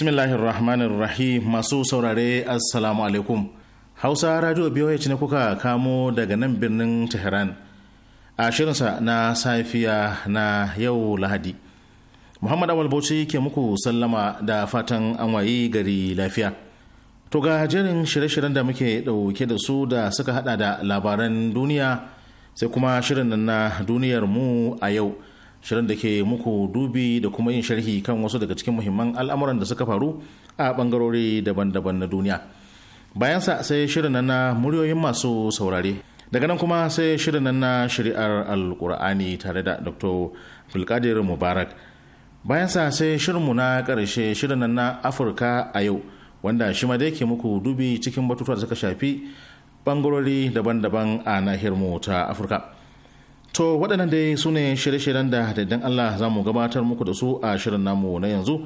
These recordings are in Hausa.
Bismillahirrahmanirrahim masu saurare Assalamu alaikum. Hausa Radio BOH ne kuka kamo daga nan birnin Tehran. A shirinsa na safiya na yau Lahadi. Muhammad Awal Bauchi ke muku sallama da fatan an wayi gari lafiya. To ga jerin shirye-shiryen da muke ɗauke da su da suka hada da labaran duniya sai kuma shirin na duniyar mu a yau. shirin da ke muku dubi da kuma yin sharhi kan wasu daga cikin muhimman al'amuran da suka faru a bangarori daban-daban na duniya bayan sa sai shirin na muryoyin masu saurare daga nan kuma sai shirin na shari'ar alkur'ani tare da dr Bilkadir mubarak bayan sa sai shirinmu na karshe shirin na afirka a yau wanda shi ma da yake muku dubi cikin batutuwa da suka shafi bangarori daban-daban a nahiyar mu ta afirka To waɗannan dai su ne shirye-shiryen da daddan Allah za mu gabatar muku da su a shirin namu na yanzu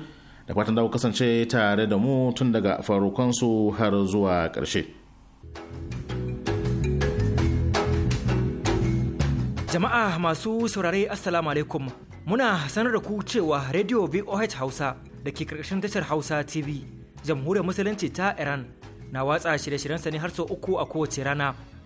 da fatan da ku kasance tare da mu tun daga farukansu har zuwa ƙarshe. Jama'a masu saurare Assalamu alaikum muna sanar da ku cewa Radio VOH Hausa da ke ƙarƙashin tashar Hausa TV jamhuriyar musulunci ta Iran na watsa shirye-shiryensa ne har sau uku a kowace rana.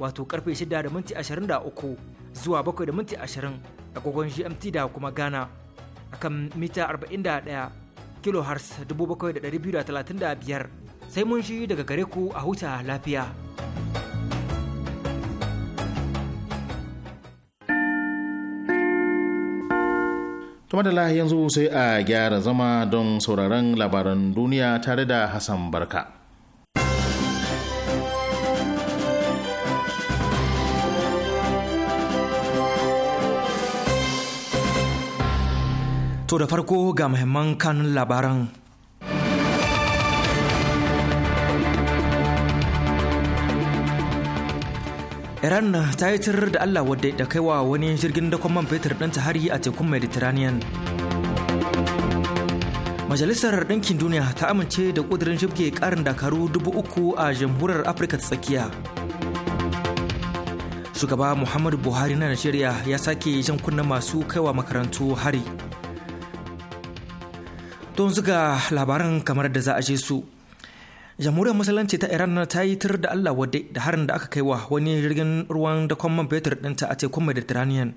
wato karfe 6 da minti 23 zuwa 7 da minti 20 agogon GMT da kuma Ghana akan mita 41 kilohertz 7,235 sai mun shi daga gare ku a huta lafiya. Tumadala yanzu sai a gyara zama don sauraron labaran duniya tare da Hassan Barka. To da farko ga muhimman kanun labaran. Iran ta yi tirar da Allah wadda kai wa wani jirgin dakon man fetur ɗinta hari a tekun Mediterranean. Majalisar Ɗinkin Duniya ta amince da ƙudurin shibge ƙarin dakaru dubu uku a jamhuriyar Afirka ta tsakiya. Shugaba Muhammadu Buhari na Najeriya ya sake jan kunna masu kaiwa makarantu hari. don zuga labaran kamar da za a je su jamhuriyar musulunci ta iran ta yi tir da allah wadai da harin da aka kai wa wani jirgin ruwan da man fetur ɗinta a tekun mediterranean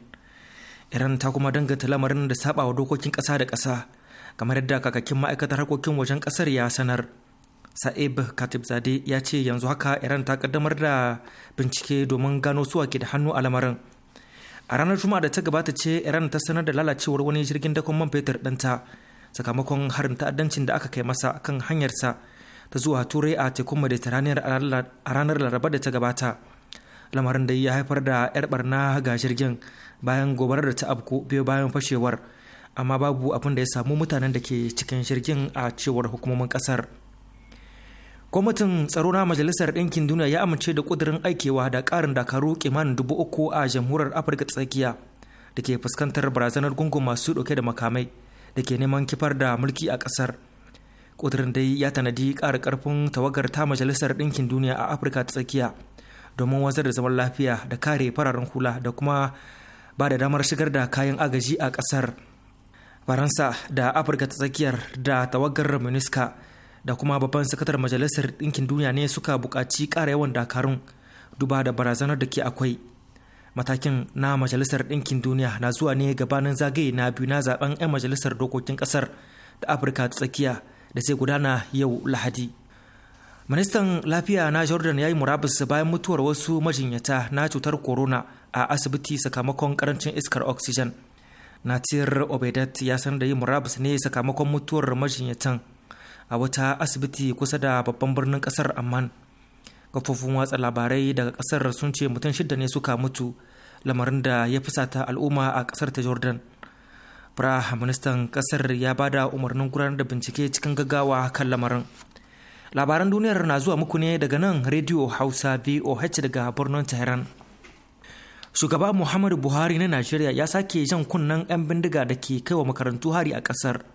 iran ta kuma danganta lamarin da saba wa dokokin ƙasa da ƙasa kamar yadda kakakin ma'aikatar harkokin wajen ƙasar ya sanar sa'ib katibzade ya ce yanzu haka iran ta kaddamar da bincike domin gano suwa ke da hannu a lamarin a ranar juma'a da ta gabata ce iran ta sanar da lalacewar wani jirgin dakon man fetur ɗinta sakamakon harin ta'addancin da aka kai masa kan hanyarsa ta zuwa turai a tekun mediterranean a ranar laraba da ta gabata lamarin da ya haifar da 'yar barna ga jirgin bayan gobarar da ta abku biyu bayan fashewar amma babu abin da ya samu mutanen da ke cikin jirgin a cewar hukumomin kasar gwamnatin tsaro na majalisar ɗinkin duniya ya amince da ƙudurin aikewa da ƙarin dakaru kimanin dubu uku a jamhuriyar afirka tsakiya da ke fuskantar barazanar gungun masu ɗauke da makamai da ke neman kifar da mulki a kasar. ƙudurin dai ya tanadi ƙara ƙarfin tawagar ta majalisar ɗinkin duniya a afirka ta tsakiya domin wazar da zaman lafiya da kare fararen hula da kuma ba da damar shigar da kayan agaji a ƙasar faransa da afirka ta tsakiyar da tawagar minista da kuma babban sakatar majalisar ɗinkin duniya ne suka buƙaci ƙara yawan dakarun duba da barazanar da ke akwai matakin na majalisar ɗinkin duniya na zuwa ne gabanin zagaye na biyu na zaben 'yan majalisar dokokin ƙasar da afirka ta tsakiya da zai gudana yau lahadi ministan lafiya na jordan ya yi murabus bayan mutuwar wasu majinyata na cutar corona a asibiti sakamakon karancin iskar oxygen natir obedat ya sanar da yi murabus ne sakamakon mutuwar majinyatan a wata asibiti kusa da babban birnin kasar amman kafofin watsa labarai daga kasar sun ce mutum shida ne suka mutu lamarin da ya fusata al'umma a kasar ta jordan Praha ministan kasar ya ba da umarnin gudanar da bincike cikin gaggawa kan lamarin labaran duniyar na zuwa muku ne daga nan rediyo hausa voh daga birnin tehran shugaba muhammadu buhari na najeriya ya sake jan kunnen 'yan bindiga da ke kai wa makarantu hari a kasar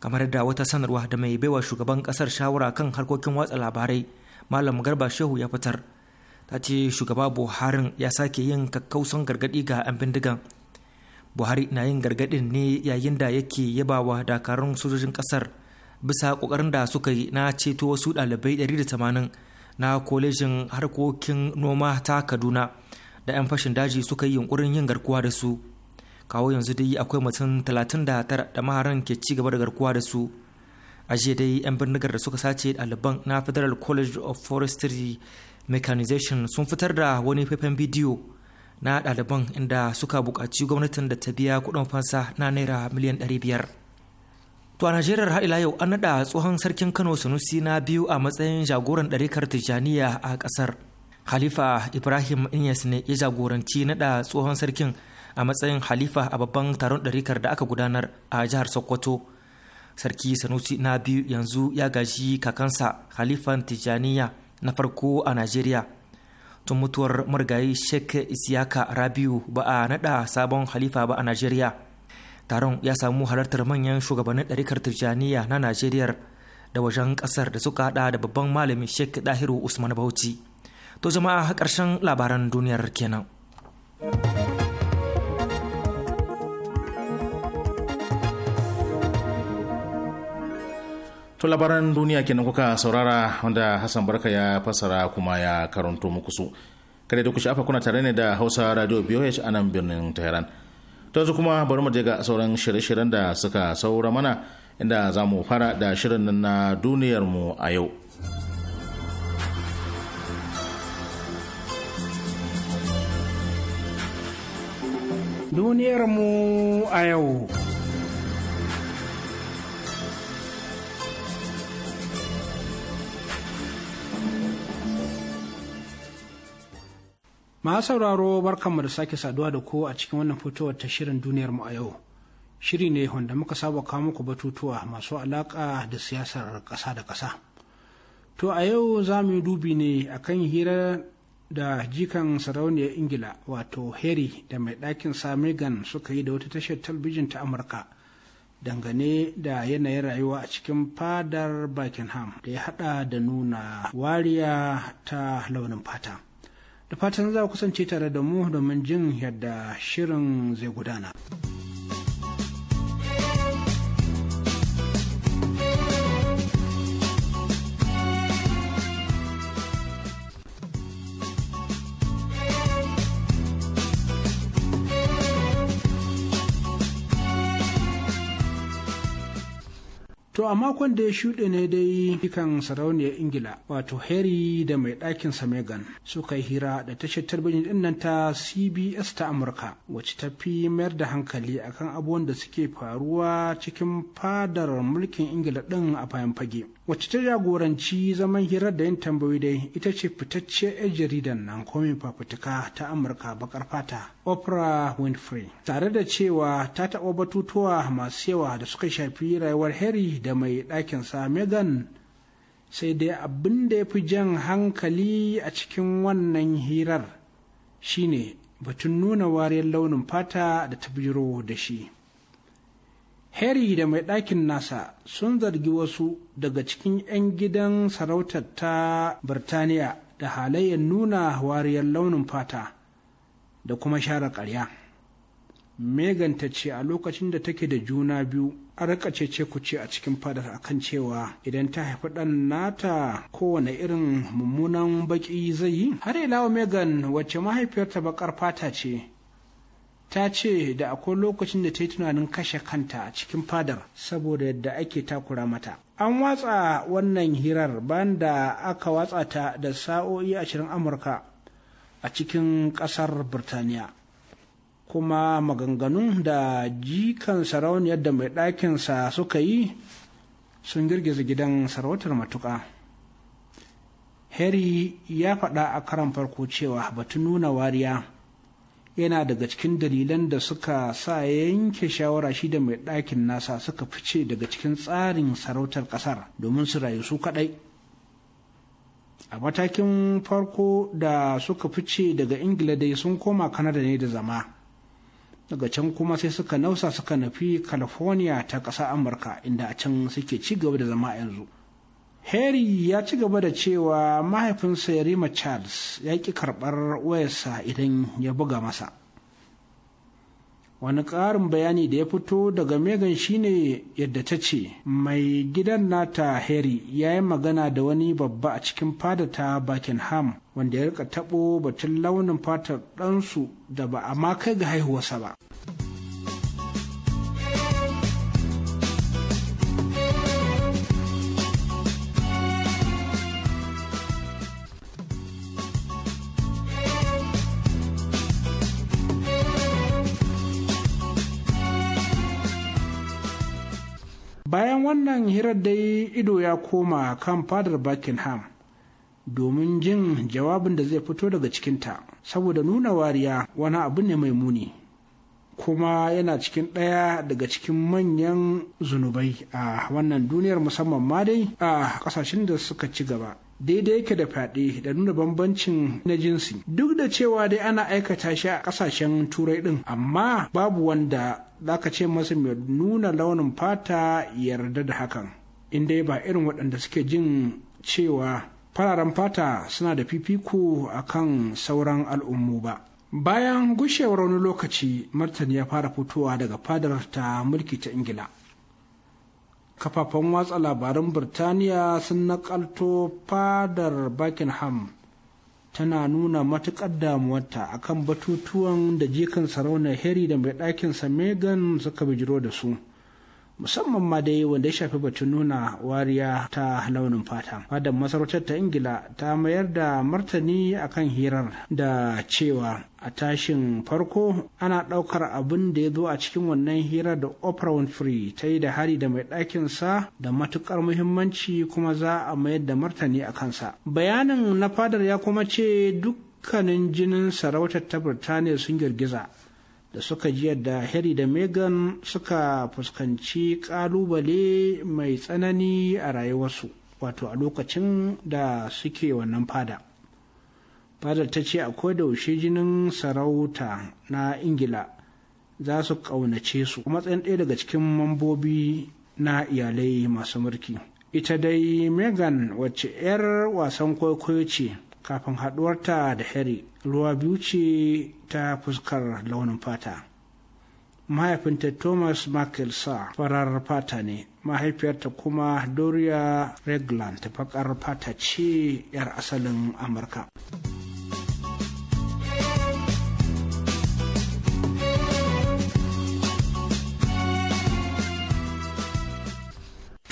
kamar da wata sanarwa da mai baiwa shugaban kasar shawara kan harkokin watsa labarai malam garba shehu ya fitar ta ce shugaba buharin ya sake yin kakkausan gargadi ga 'yan bindigan buhari na yin gargadin ne yayin da yake yabawa dakarun sojojin kasar bisa kokarin da suka yi na ceto wasu dalibai 180 na kwalejin harkokin noma ta kaduna da 'yan fashin daji suka yi yunkurin yin garkuwa da su kawo yanzu dai akwai mutum 39 da maharan ke ci gaba da garkuwa da su a jiya dai 'yan bindigar da suka sace ɗaliban na federal college of forestry mechanization sun fitar da wani faifan bidiyo na ɗaliban inda suka buƙaci gwamnatin da ta biya kuɗin fansa na naira miliyan 500 to a najeriyar har ila yau an naɗa tsohon sarkin kano sanusi na biyu a matsayin jagoran ɗarikar tijjaniya a ƙasar halifa ibrahim inyas ne ya jagoranci naɗa tsohon sarkin a matsayin halifa a babban taron ɗarikar da aka gudanar a jihar sokoto sarki sanusi na biyu yanzu ya gaji kakansa halifan tijaniya na farko a najeriya tun mutuwar marigayi sheikh isiyaka rabiu ba a nada sabon halifa ba a najeriya taron ya samu halartar manyan shugabannin ɗarikar tijaniya na najeriya da wajen ƙasar da suka hada da babban malami sheikh dahiru usman bauchi to jama'a ƙarshen labaran duniyar kenan. To labaran duniya kenan kuka saurara wanda Hassan Barka ya fassara kuma ya karanto muku su. Kare da ku shafa kuna tare ne da Hausa Radio BOH a nan birnin Tehran. To yanzu kuma bari mu je ga sauran shirye-shiryen da suka saura mana inda za mu fara da shirin nan na duniyar mu a yau. Duniyar mu a yau. ma sauraro barkanmu da sake saduwa da ku a cikin wannan fitowar ta shirin duniyar mu a yau shiri ne wanda muka saba kawo muku batutuwa masu alaka da siyasar ƙasa da ƙasa to a yau za mu yi dubi ne akan hira da jikan sarauniyar ingila wato harry da mai ɗakin sa megan suka yi da wata tashar talbijin ta amurka dangane da yanayin rayuwa a cikin fadar buckingham da ya haɗa da nuna wariya ta launin fata da fatan za ku kusance tare da mu domin jin yadda shirin zai gudana. To a makon da ya shuɗe ne dai dukan sarauniyar Ingila wato Harry da mai ɗakin Megan suka yi hira da tashar talbijin ɗin nan ta CBS ta Amurka wacce ta fi mayar da hankali akan abubuwan da suke faruwa cikin fadar mulkin Ingila ɗin a bayan fage. wacce ta jagoranci zaman hirar da yin tambayoyi dai ita ce fitacciyar 'yar jaridan nan komin fafutuka ta amurka bakar fata oprah winfrey tare da cewa ta taɓa batutuwa masu yawa da suka shafi rayuwar harry da mai ɗakinsa megan sai dai abin da ya fi jan hankali a cikin wannan hirar shine batun nuna wariyar launin fata da ta biro da shi harry da mai ɗakin nasa sun zargi wasu daga cikin 'yan gidan sarautar ta birtaniya da halayen nuna wariyar launin fata da kuma share karya. megan ta ce a lokacin da take da juna biyu an ce-ce ku kuce a cikin fadar akan cewa idan ta haifi ɗan nata kowane irin mummunan baƙi zai yi har ila megan wacce mahaifiyarta baƙar fata ce ta ce da akwai lokacin da ta yi tunanin kashe kanta a cikin fadar saboda yadda ake takura mata an watsa wannan hirar bayan da aka watsa ta da sa'o'i ashirin amurka a cikin kasar birtaniya kuma maganganun da jikan sarauniyar da mai ɗakinsa suka yi sun girgiza gidan sarautar matuƙa harry ya faɗa a karan farko cewa batun nuna wariya yana daga cikin dalilan da suka sa yanke shawara shi da mai ɗakin nasa suka fice daga cikin tsarin sarautar ƙasar domin su rayu su kaɗai a matakin farko da suka fice daga ingila dai sun koma kanada ne da zama daga can kuma sai suka nausa suka nufi california ta ƙasa amurka inda a can suke ci gaba da zama yanzu harry ya ci gaba da cewa mahaifinsa ya rima charles ya ƙi karɓar wayarsa idan ya buga masa wani ƙarin bayani da ya fito daga megan shine yadda ta ce mai gidan nata harry ya yi magana da wani babba a cikin fadata buckingham wanda ya rika taɓo batun launin fatar ɗansu da ba a ma kai ga haihuwarsa ba wannan hirar dai ido ya koma kan fadar buckingham domin jin jawabin da zai fito daga cikinta saboda nuna wariya wani abu ne mai muni kuma yana cikin ɗaya daga cikin manyan zunubai a wannan duniyar musamman ma dai a ƙasashen da suka ci gaba daidai yake da fyaɗe da nuna bambancin na jinsi duk da cewa dai ana aikata shi a ƙasashen turai ɗin amma babu wanda zaka ce masa mai nuna launin fata yarda da hakan in dai ba irin waɗanda suke jin cewa fararen fata suna da fifiko a kan sauran al'ummu ba bayan gushewar wani lokaci martani ya fara fitowa daga fadar ta mulki ta ingila kafafen watsa labaran birtaniya sun nakalto fadar buckingham tana nuna matuƙar damuwarta akan batutuwan da jikin sarauna harry da mai ɗakinsa megan suka bijiro da su musamman ma dai wanda ya shafi batun nuna wariya ta launin fata fadar masarautar ta ingila ta mayar da martani akan hirar da cewa a tashin farko ana ɗaukar abin da ya zo a cikin wannan hirar da oprah winfrey ta yi da hari da mai ɗakin sa da matuƙar muhimmanci kuma za a mayar da martani a kansa bayanin na fadar ya kuma ce dukkanin jinin sarautar ta birtaniya sun girgiza da suka ji yadda Harry da Meghan suka fuskanci ƙalubale mai tsanani a rayuwarsu wato a lokacin da suke wannan fada. Fadar ta ce akwai daushe jinin sarauta na Ingila za su ƙaunace su matsayin ɗaya daga cikin mambobi na iyalai masu mulki. Ita dai Meghan wacce 'yar wasan kwaikwayo ce kafin haɗuwarta da heri. ruwa biyu ce ta fuskar launin fata mahaifinta thomas makilsa sa farar fata ne mahaifiyarta kuma doria regland ta fakar fata ce 'yar asalin amurka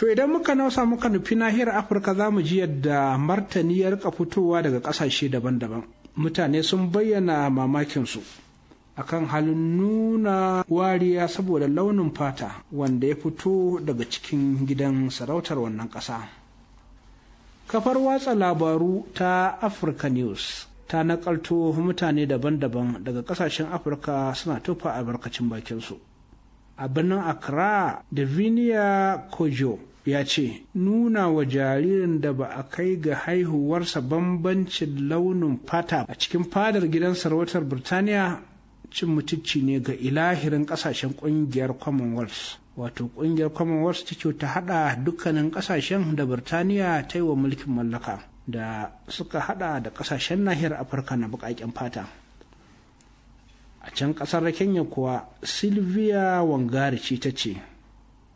To idan muka nausa muka nufi nahiyar Afirka za mu ji yadda martani ya rika fitowa daga ƙasashe daban-daban. Mutane sun bayyana mamakinsu akan halin nuna wariya saboda launin fata wanda ya fito daga cikin gidan sarautar wannan ƙasa. Kafar watsa labaru ta afirka News ta nakalto mutane daban-daban daga ƙasashen Afirka suna tufa albarkacin bakinsu. a birnin Accra da Vinia Kojo ya ce nuna wa jaririn da ba a kai ga haihuwarsa bambancin launin fata a cikin fadar gidan sarautar birtaniya cin mutucci ne ga ilahirin kasashen kungiyar commonwealth wato kungiyar commonwealth ta ta hada dukkanin kasashen da birtaniya ta yi wa mulkin mallaka da suka hada da kasashen nahiyar afirka na bukaken fata a can kasar kenya kuwa sylvia wangari ce ta ce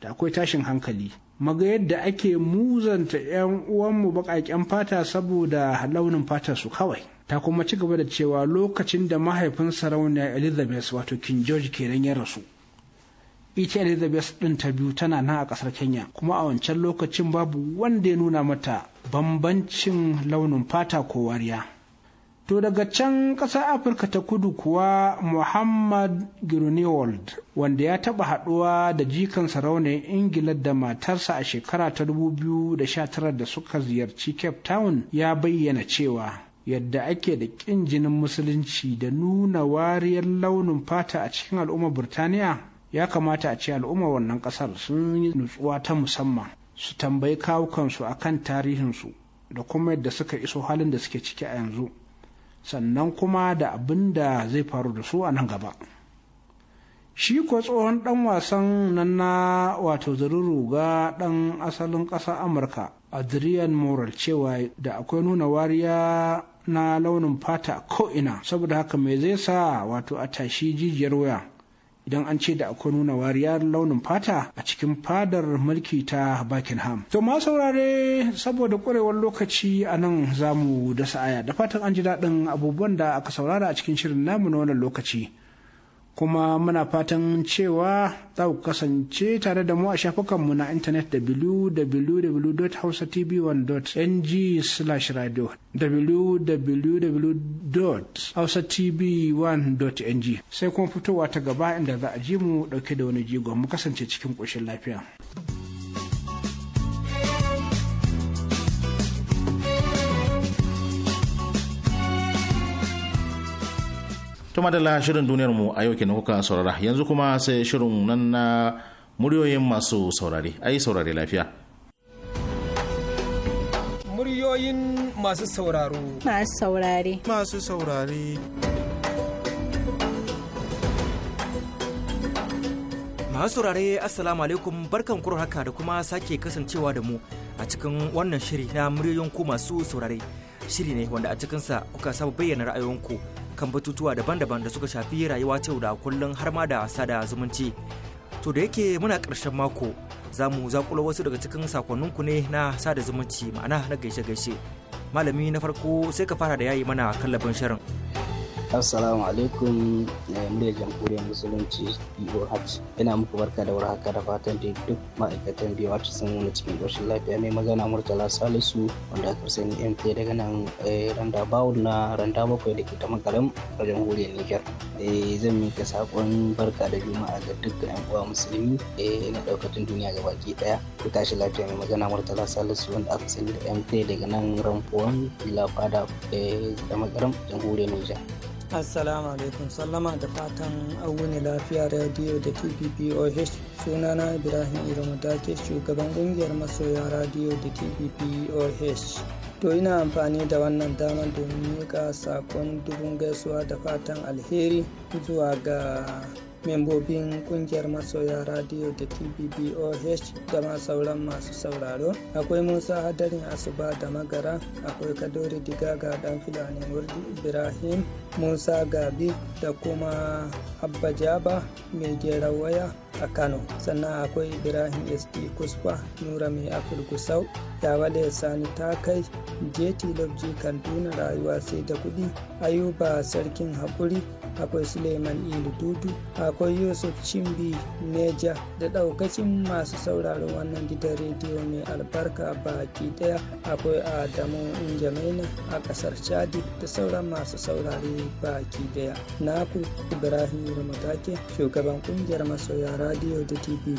da akwai tashin hankali maga yadda ake muzanta 'yan uwanmu baƙaƙen fata saboda launin fatar su kawai ta kuma ci gaba da cewa lokacin da mahaifin sarauniya elizabeth wato king george kenan ya rasu ita elizabeth ɗin ta biyu tana nan a ƙasar kenya kuma a wancan lokacin babu wanda ya nuna mata bambancin launin fata ko wariya To daga can ƙasar Afirka ta kudu kuwa Muhammad Grunewald wanda ya taɓa haɗuwa da jikan sarauniyar Ingila da matarsa a shekara ta 2019 da suka ziyarci Cape Town ya bayyana cewa yadda ake da ƙin jinin musulunci da nuna wariyar launin fata a cikin al'ummar Burtaniya ya kamata a ce al'ummar wannan ƙasar sun yi nutsuwa ta musamman su tambayi kawukansu akan tarihinsu da kuma yadda suka iso halin da suke ciki a yanzu. sannan kuma da abin da zai faru da su a nan gaba shi ko tsohon dan wasan nan na wato ga dan asalin ƙasa amurka adrian moral cewa da akwai nuna wariya na launin fata ko ina saboda haka mai zai sa wato a tashi jijiyar waya idan an ce da akwai nuna wariyar launin fata a cikin fadar mulki ta Buckingham. To ma saurare saboda ƙwarewar lokaci a nan za mu dasa aya da fatan an ji daɗin abubuwan da aka saurara a cikin shirin namu na wannan lokaci. kuma muna fatan cewa za ku kasance tare da mu a shafukanmu na intanet www.hausatv1.ng slash radio www.hausatv1.ng sai kuma fitowa ta gaba inda za a ji mu dauke da wani jigon mu kasance cikin ƙoshin lafiya. to madalla shirin duniyar mu a yau kenan kuka saurara yanzu kuma sai shirin nan na muryoyin masu saurare ai saurare lafiya muryoyin masu sauraro masu saurare masu saurare masu saurare assalamu alaikum barkan kuro haka da kuma sake kasancewa da mu a cikin wannan shiri na muryoyin ku masu saurare shiri ne wanda a cikinsa kuka saba bayyana ra'ayoyinku kan batutuwa daban-daban da suka shafi rayuwa ta yau da kullum har ma da sada zumunci. To da yake muna ƙarshen mako za mu zakulo wasu daga cikin sakonninku ne na sada zumunci ma'ana na gaishe-gaishe. Malami na farko sai ka fara da yayi mana kallabin shirin. assalamu alaikum eh, murya jamhuriyar musulunci ibo hajj ina muku barka da warhaka da fatan da duk ma'aikatan biyu wata sun wani cikin ƙoshin lafiya mai magana murtala salisu wanda aka sani mp daga nan eh, randa bawul na randa bakwai da ke ta makaram a jamhuriyar niger eh, zan mika saƙon barka da juma'a ga dukkan yan uwa musulmi na ɗaukacin duniya ga baki ɗaya ku tashi lafiya mai magana murtala salisu wanda aka sani da mp daga nan ramfuwan lafada da makaram jamhuriyar niger assalamu alaikum sallama da fatan auni lafiya radio da tppoh sunana ibrahim iramadake shugaban kungiyar masoya radio da tppoh to ina amfani da wannan damar domin miƙa sakon dubun gaisuwa da fatan alheri zuwa ga membobin kungiyar masoya radio da tbboh da ma sauran masu sauraro akwai musa hadarin asuba da magara akwai kadori ga dan fulani murdi ibrahim musa gabi da kuma abba jaba mai gerar waya a kano sannan akwai ibrahim sp kusfa nura mai afir gusau yawale sani ta kai jeti lobji kaduna rayuwa sai da kudi ayuba sarkin haƙuri akwai suleiman ilu dudu akwai yusuf cimbi neja da ɗaukacin masu sauraron wannan gidan rediyo mai albarka baki ɗaya akwai adamu injamaina a ƙasar chadi da sauran masu saurare baki daya naku ibrahim ramatake shugaban ƙungiyar masoya radiyo da tv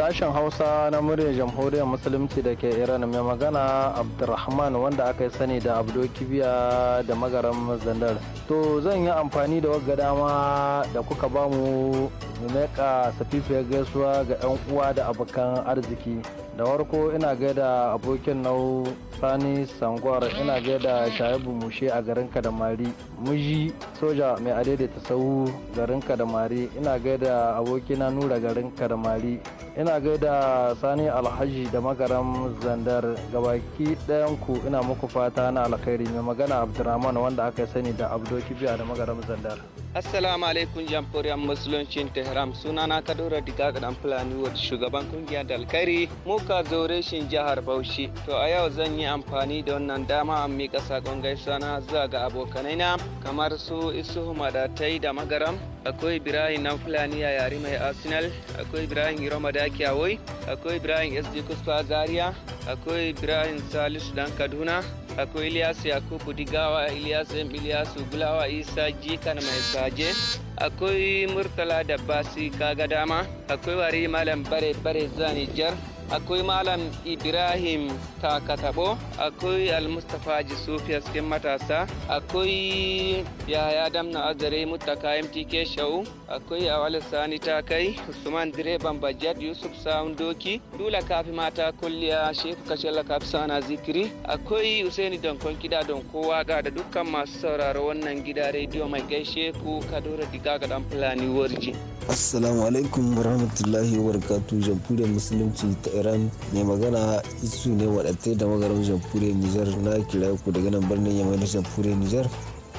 Sashen Hausa na muryar Jamhuriyar Musulunci da ke Iran mai magana Abdulrahman wanda aka yi sani da Abdo Kibiya da magaran Zandar. To zan yi amfani da wagga dama da kuka bamu mu meka safifiyar gaisuwa ga 'yan uwa da abokan arziki. da warko ina gaida abokin nau sani sangwar ina gaida shaibu mushe a garin kadamari muji soja mai adaidaita sahu garin kadamari ina gaida abokina nura garin kadamari ina gaida sani alhaji da magaram zandar gabaki ku ina muku fata na alkhairi mai magana abdurrahman wanda aka sani da abdoki biya da magaram zandar assalamu alaikum jamhuriyar musuluncin tehran sunana kadura diga dan fulani shugaban kungiyar dalkari mu Bukka Zoreshin jihar Bauchi. To a yau zan yi amfani da wannan dama a miƙa saƙon gaisuwa na zuwa ga abokanai na kamar su Isu Madatai da Magaram, akwai Ibrahim na Fulani a yare mai Arsenal, akwai Ibrahim Hiro Madaki Kiyawoi, akwai Ibrahim SD Kuspa Zaria, akwai Ibrahim Salisu dan Kaduna, akwai Ilyas Yakubu Digawa, Ilyas M Ilyasu Gulawa Isa Jikan mai Saje, akwai Murtala da Basi Kagadama. Dama, akwai Wari Malam Bare Bare Zanijar, akwai malam ibrahim takatabo akwai almustapha jisufi askin matasa akwai yahaya damna azare mutaka mtk shau akwai awali sani ta kai usman direban Bajet yusuf sa'un doki dula kafi mata kulliya shefu kashe lakafi sana zikiri akwai usaini donkon gida don kowa ga da dukkan masu sauraro wannan gida rediyo mai gaishe ku kadora diga ga dan fulani warji assalamu alaikum warahmatullahi wabarakatuh jamhuriyar musulunci ta iran mai magana isu ne wadatai da magarin jamhuriyar nijar na kira ku daga nan birnin yamma na jamhuriyar nijar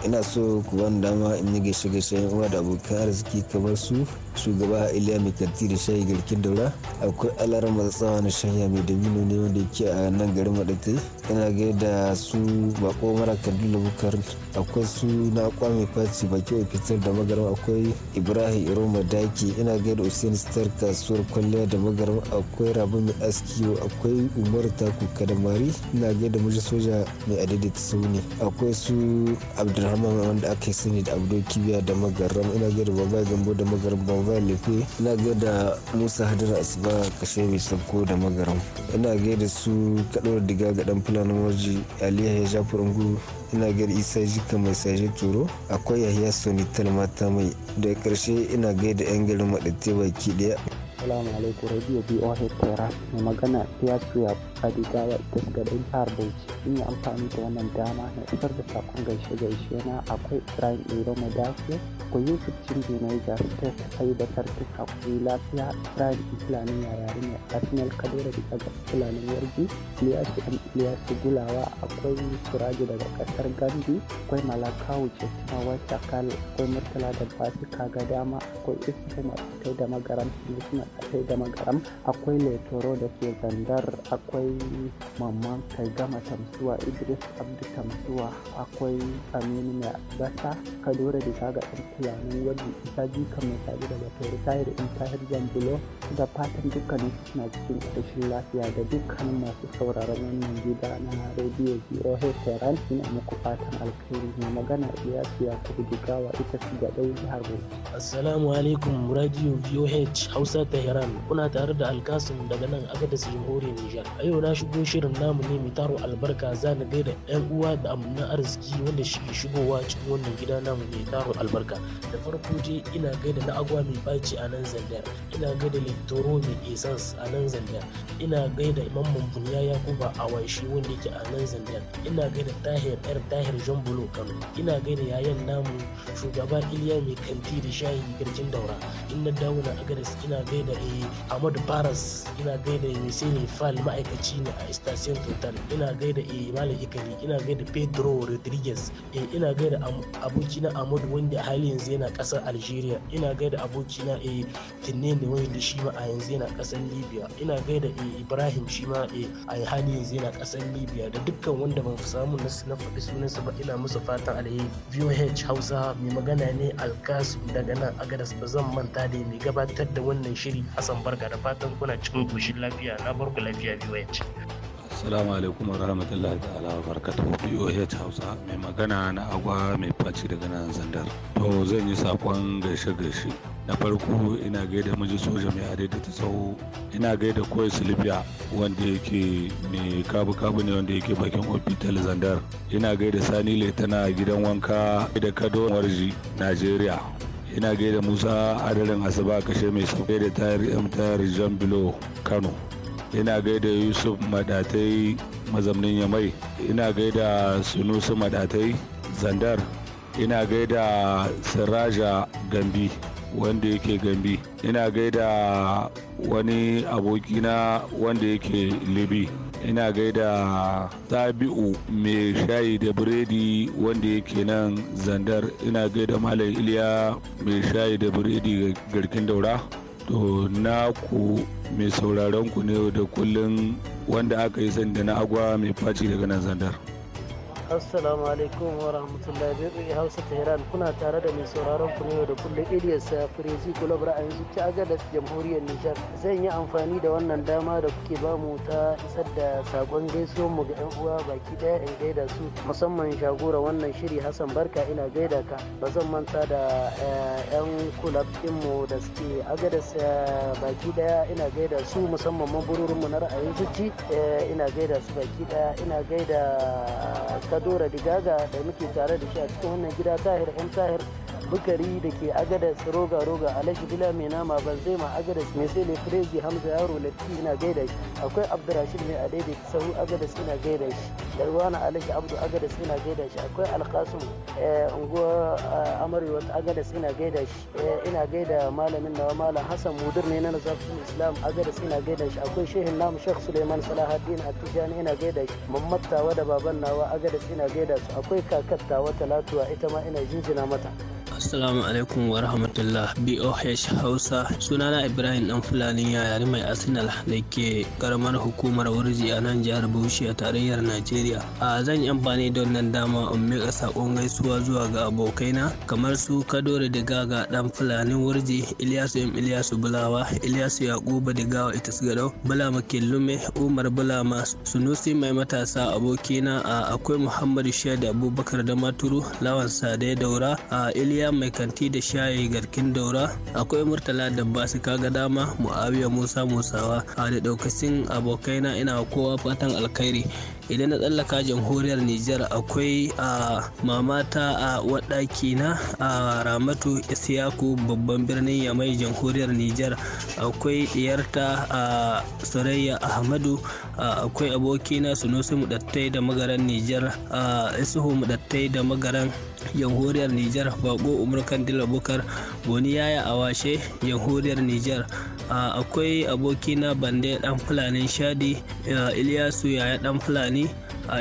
ina so ku bani dama in yi gaishe gaishe uwa da abokan arziki kamar su shugaba iliya mai kanti da shayi garkin daura akwai alarma tsawa na shanya mai dabino ne wanda yake a nan garin madatai yana gaya da su bako mara kaduna bukar akwai su na kwame faci baki fitar da magaram akwai ibrahim iro madaki ina gaya da usain star kasuwar kwalliya da magaram akwai rabu mai askiyo akwai umar taku kadamari ina gaya da muji soja mai adaidaita sauni akwai su abdulrahman wanda aka sani da abdul kibiya da magaram ina gaya da baba gambo da magaram ubayin lefe ina gaida musa hadira asuba kashe mai sabko da magaram ina gaida su da diga ga ɗan fulanin waje aliyu ya shafi rungu ina gaida isa jika mai saje turo akwai yahya soni talmata mai da karshe ina gaida yan garin maɗatte baki ɗaya. Salamu alaikum radio Tera mai magana Fadigawa ita suka ɗan jihar Bauchi in yi amfani da wannan dama na isar da sakon gaishe-gaishe na akwai Ibrahim Iro Madafiya, ko Yusuf Cimbi Niger State, da Tuka, akwai Lafiya, Ibrahim Fulani Yayari mai Arsenal Kadura da ƙasar Fulani Yarji, Liyasu M. Gulawa, akwai Suraji daga ƙasar Gambi, akwai Malakawu Cetina Wata Kal, akwai Murtala da Fasika ga dama, akwai Isra kai da Magaram, Ilis kai da Magaram, akwai Letoro da ke Zandar, akwai akwai mamman kai gama tamsuwa idris abdu tamsuwa akwai aminu mai ka kadora da shaga ɗan tulanin wadda isa jika mai tabi da batori ritayar in tahir zambulo da fatan dukkanin suna cikin ƙarshen lafiya da dukkan masu sauraron wannan gida na rediyo zero heteran ina muku fatan alkhairi mai magana iya siya kudu gawa ita su ga ɗau jihar assalamu alaikum radio voh hausa tehran kuna tare da alkasun daga nan agadas jamhuriyar nijar a yau na shigo shirin namu ne mai taro albarka za na gaida yan uwa da amina arziki wanda shi shigowa cikin wannan gida namu mai taro albarka da farko dai ina gaida na agwa mai baci a nan zandar ina gaida littoro mai esans a nan zandar ina gaida mamman bunya yakuba a washe wanda yake a nan zandar ina gaida tahir yar tahir bulo kano ina gaida yayan namu shugaba iliya mai kanti da shayi girjin daura inna dawuna dawo na ina gaida eh, amadu baras ina gaida misali fal ma'aikaci ne a station total ina gaida eh malam ikari ina gaida pedro rodriguez e ina gaida abokina amadu wanda a hali yanzu yana kasar algeria ina gaida abokina eh tinene wanda shi ma a yanzu yana kasar libya ina gaida eh, ibrahim shi ma eh, a hali yanzu yana kasar libya da dukkan wanda ban samu na faɗi sunansa ba ina musu fatan alheri voh hausa mai magana ne alkasu daga nan a agadas ba zan manta da mai gabatar da wannan shiri hassan barka da fatan kuna cikin koshin lafiya na barku lafiya biyu lokaci Assalamu alaikum wa rahmatullahi ta'ala wa barakatuhu BOH Hausa mai magana na agwa mai faci daga nan zandar. To zan yi sakon gaishe-gaishe. Na farko ina gaida miji soja mai adai da ta tsawo. Ina gaida koi Silvia wanda yake mai kabu-kabu ne wanda yake bakin ofital zandar. Ina gaida Sani tana gidan wanka da Kado Warji, Najeriya. Ina gaida Musa Adalin Asaba kashe mai sauke da tayar M tayar Jan Bilo Kano. ina gaida yusuf madatai mazamnin yamai ina gaida sunusu madatai zandar ina gaida siraja gambi wanda yake gambi ina gaida wani abokina wanda yake libi ina gaida sabi'u mai shayi da biredi wanda yake nan zandar ina gaida malam iliya mai shayi da biredi garkin daura to ku mai sauraron ku ne da kullum wanda aka yi sanda na agwa mai faci daga nan zandar. assalamu alaikum wa rahmatullahi biyu hausa tehran kuna tare da mai sauraron ku ne da kullum sa firezi kulab ra'ayin zuci a ga jamhuriyar nijar zan yi amfani da wannan dama da kuke ba mu ta isar da sakon gaisuwa mu ga yan uwa baki daya in gaida su musamman shagora wannan shiri hassan barka ina gaida ka ba zan manta da yan eh, kulab din mu da suke agadas eh, baki daya ina gaida su musamman mabururin mu na ra'ayin zuci eh, ina gaida su baki daya ina gaida dora digaga da muke tare da shi a cikin wannan gida tahir m tahir bukari da ke agadas roga roga alashi bila mai nama ban zai ma agadas mai sai crazy hamza yaro latti ina gaida shi akwai abdurashid mai adaidai sahu agadas ina gaida shi darwana alashi abdu agadas ina gaida shi akwai alkasum eh, unguwa eh, amarewa agadas ina gaida shi eh, ina gaida malamin nawa malam hassan mudur ne na nazafin islam agadas ina gaida shi akwai shehin namu shek suleiman salahaddin attijani ina gaida shi mamman tawa da baban nawa agadas ina gaida su akwai kakar tawa talatuwa ita ma ina jinjina mata Assalamu alaikum wa rahmatullah BOH Hausa sunana Ibrahim dan Fulani yari mai Arsenal da ke karamar hukumar wurji a nan jihar Bauchi a tarayyar Najeriya. A zan yi amfani da wannan dama in miƙa sakon gaisuwa zuwa ga abokaina kamar su Kadore da Gaga dan Fulani wurji Ilyasu M Ilyasu Bulawa Ilyasu Yakubu da Gawa Itas Gado Bulama Killume Umar Bulama Sunusi mai matasa abokina a akwai Muhammadu Shehu Abubakar da Maturu Lawan Sade Daura a Ilyasu Iliya mai kanti da shayi garkin daura akwai Murtala da basu kaga dama Muawiya Musa Musawa a da daukacin abokaina ina kowa fatan alkhairi idan na tsallaka jamhuriyar nijar akwai a mamata a waɗaki na a ramatu isiyaku babban birnin yamai jamhuriyar nijar akwai ɗiyarta a Sarayya ahmadu akwai abokina sunusi mudattai da magaran nijar a isuhu mudattai da magaran jamhuriyar nijar bako umar kandila bukar boni yaya awashe jamhuriyar nijar akwai abokina bande dan fulanin shadi iliyasu yaya dan fulani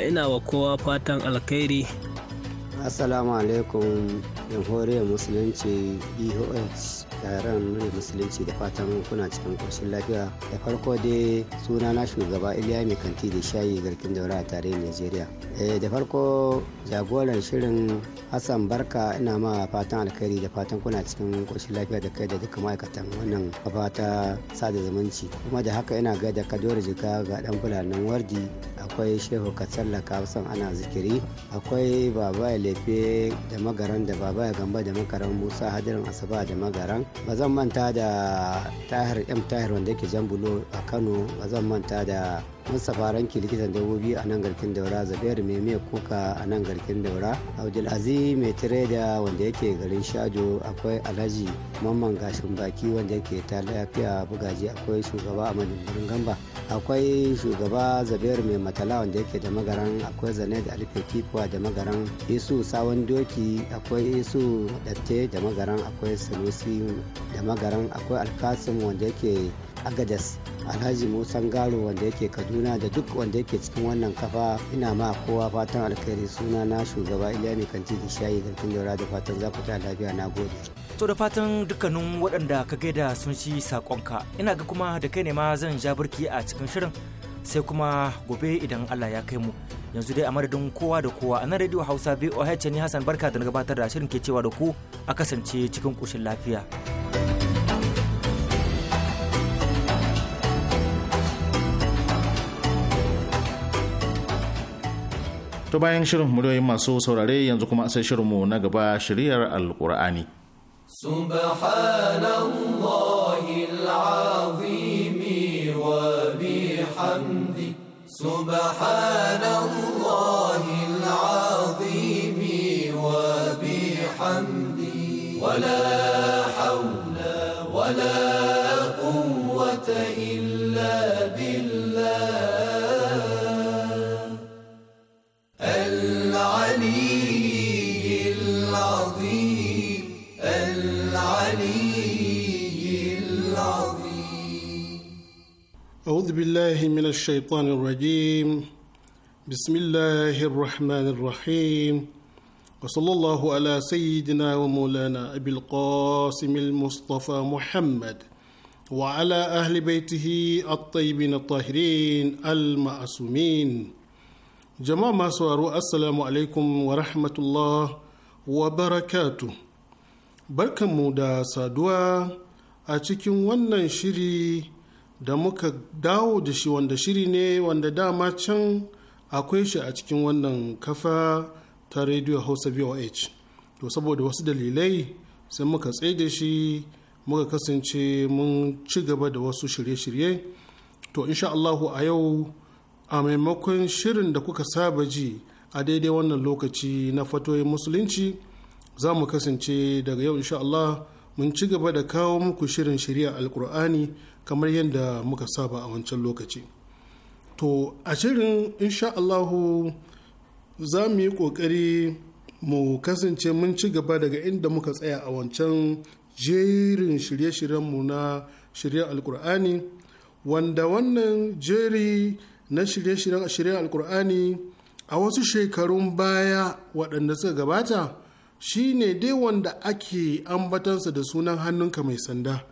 ina wa kowa fatan alkhairi assalamu alaikum jamhuriyar musulunci eoh Yaran musulunci da fatan kuna cikin ƙoshin lafiya da farko dai suna na shugaba iliya mai kanti da shayi garkin daura a tarihin najeriya eh, da farko jagoran shirin hassan barka ina ma fatan alkhairi da fatan kuna cikin ƙoshin lafiya da kai da duka ma'aikatan wannan kafa ta sada zumunci kuma da haka ina gaida kadori jika ga dan fulanin wardi akwai shehu katsalla kawusan ana zikiri akwai baba ya lefe da magaran da baba ya gamba da makaran musa hadirin asaba da magaran ba zan manta da tahir m tahir wanda yake jan bulo a kano ba zan manta da Mustapha Ranki likitan dabbobi a nan garkin daura Zabiyar Meme Kuka a nan garkin daura Abdulaziz mai tireda wanda yake garin Shajo akwai Alhaji Mamman Gashin Baki wanda yake ta lafiya bugaji akwai shugaba a Madimburin Gamba akwai shugaba Zabiyar mai matala wanda yake da magaran akwai Zane da Alife kifuwa da magaran Isu Sawan Doki akwai Isu Datte da magaran akwai Sanusi da magaran akwai Alkasim wanda yake agadas alhaji musan garo wanda yake kaduna da duk wanda yake cikin wannan kafa ina ma kowa fatan alkhairi suna na shugaba iliya mai kanti da shayi garkin daura da fatan za ku ta lafiya na gode to da fatan dukkanin waɗanda ka gaida sun shi saƙonka ina ga kuma da kai ne ma zan ja birki a cikin shirin sai kuma gobe idan allah ya kai mu yanzu dai a madadin kowa da kowa a nan radio hausa voh ne hassan barka da na gabatar da shirin ke cewa da ku a kasance cikin ƙoshin lafiya. to bayan shirin muryoyin masu saurare yanzu kuma sai shirinmu na gaba shiriyar alkur'ani subhanallahi al'azimi wa bihamdi subhanallah العلي العظيم العلي العظيم أعوذ بالله من الشيطان الرجيم بسم الله الرحمن الرحيم وصلى الله على سيدنا ومولانا أبي القاسم المصطفى محمد وعلى أهل بيته الطيبين الطاهرين المعصومين jama'a masu waro assalamu alaikum wa rahmatullah wa barakatu barkanmu da saduwa a cikin wannan shiri da muka dawo da shi wanda shiri ne wanda dama can akwai shi a cikin wannan kafa ta radio hausa voh to saboda wasu dalilai sai muka tsaye shi muka kasance mun ci gaba da wasu shirye-shirye to insha a yau a maimakon shirin da kuka saba ji a daidai wannan lokaci na fatoyin musulunci za mu kasance daga yau insha Allah mun ci gaba da kawo muku shirin shari'a alkur'ani kamar yadda muka saba a wancan lokaci to a shirin insha Allahu za mu yi ƙoƙari mu kasance mun ci gaba daga inda muka tsaya a wancan jerin shirye-shiryenmu na shirya alkur'ani wanda wannan jeri na shirye-shiryen shirin alkur'ani a wasu shekarun baya waɗanda suka gabata shi ne dai wanda ake ambatansa da sunan hannunka mai sanda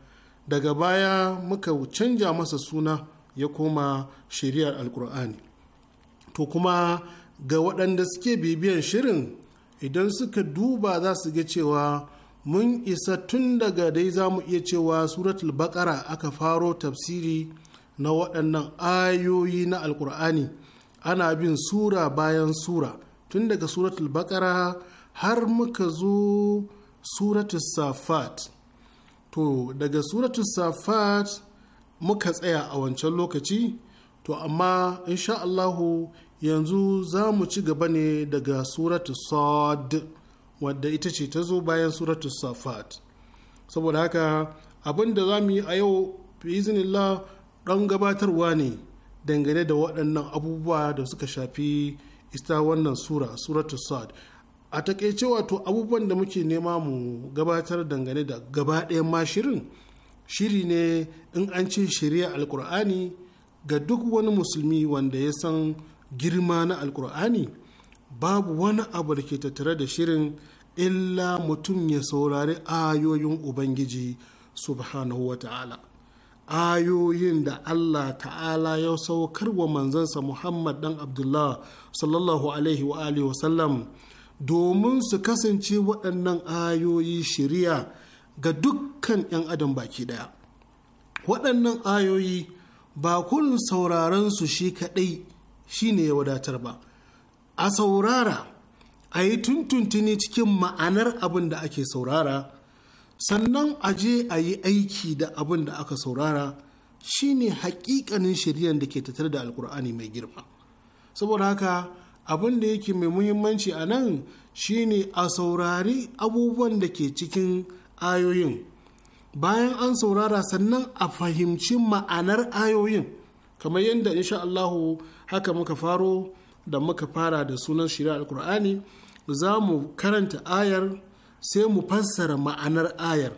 daga baya muka canja masa suna ya koma shari'ar alkur'ani to kuma ga waɗanda suke bibiyan shirin idan suka duba za su ga cewa mun isa tun daga dai za mu iya cewa suratul bakara aka faro tafsiri na waɗannan ayoyi na alkur'ani ana bin sura bayan sura tun daga suratul bakara har muka zo suratul safat to daga suratul safat muka tsaya a wancan lokaci to amma insha Allahu yanzu za mu ci gaba ne daga suratul sad wadda ita ce ta zo bayan suratul safat saboda haka abin da za mu yi a yau fi iznillah ɗan gabatarwa ne dangane da waɗannan abubuwa da suka shafi ista wannan sura suratu sad a takaice wato abubuwan da muke nema mu gabatar dangane da gaba ɗayan ma shirin shiri ne in an ce shirya alkur'ani ga duk wani musulmi wanda ya san girma na alkur'ani babu wani abu da ke tattare da shirin illa mutum ya saurari ayoyin ubangiji subhanahu wa ta'ala ayoyin da Allah ta'ala ya saukar wa manzansa Muhammad dan Abdullah sallallahu alaihi wa alihi wasallam domin su kasance waɗannan ayoyi shirya ga dukkan 'yan adam baki ɗaya. Waɗannan ayoyi ba kun sauraron su shi kaɗai shi ne ya wadatar ba. A saurara, a yi tuntuntuni cikin ma'anar abin da ake saurara. sannan a je a yi aiki da abin da aka saurara shine hakikanin shari'ar da ke tattare da alkur'ani mai girma saboda haka abin da yake mai muhimmanci a nan shine a saurari abubuwan da ke cikin ayoyin bayan an saurara sannan a fahimci ma'anar ayoyin kamar yadda insha Allahu haka muka faro da muka fara da sunan shari'ar alkur'ani za mu karanta ayar sai mu fassara ma'anar ayar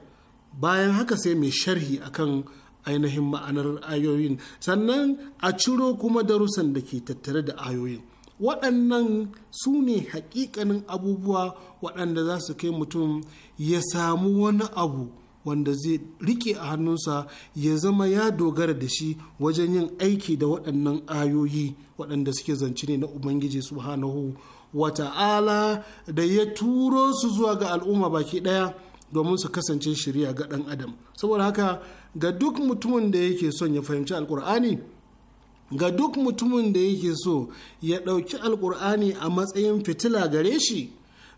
bayan haka sai mai sharhi akan ainihin ma'anar ayoyin sannan a ciro kuma darussan da ke tattare da ayoyin waɗannan su ne hakikanin abubuwa waɗanda za su kai mutum ya samu wani abu wanda zai rike a hannunsa ya zama ya dogara da shi wajen yin aiki da waɗannan ayoyi waɗanda suke zance ne na ubangiji subhanahu wa ta'ala da ya turo su zuwa ga al'umma baki ɗaya domin su kasance shirya ga ɗan adam saboda haka ga duk mutumin da yake son ya fahimci alkur'ani ga duk mutumin da yake so ya ɗauki alkur'ani a matsayin fitila gare shi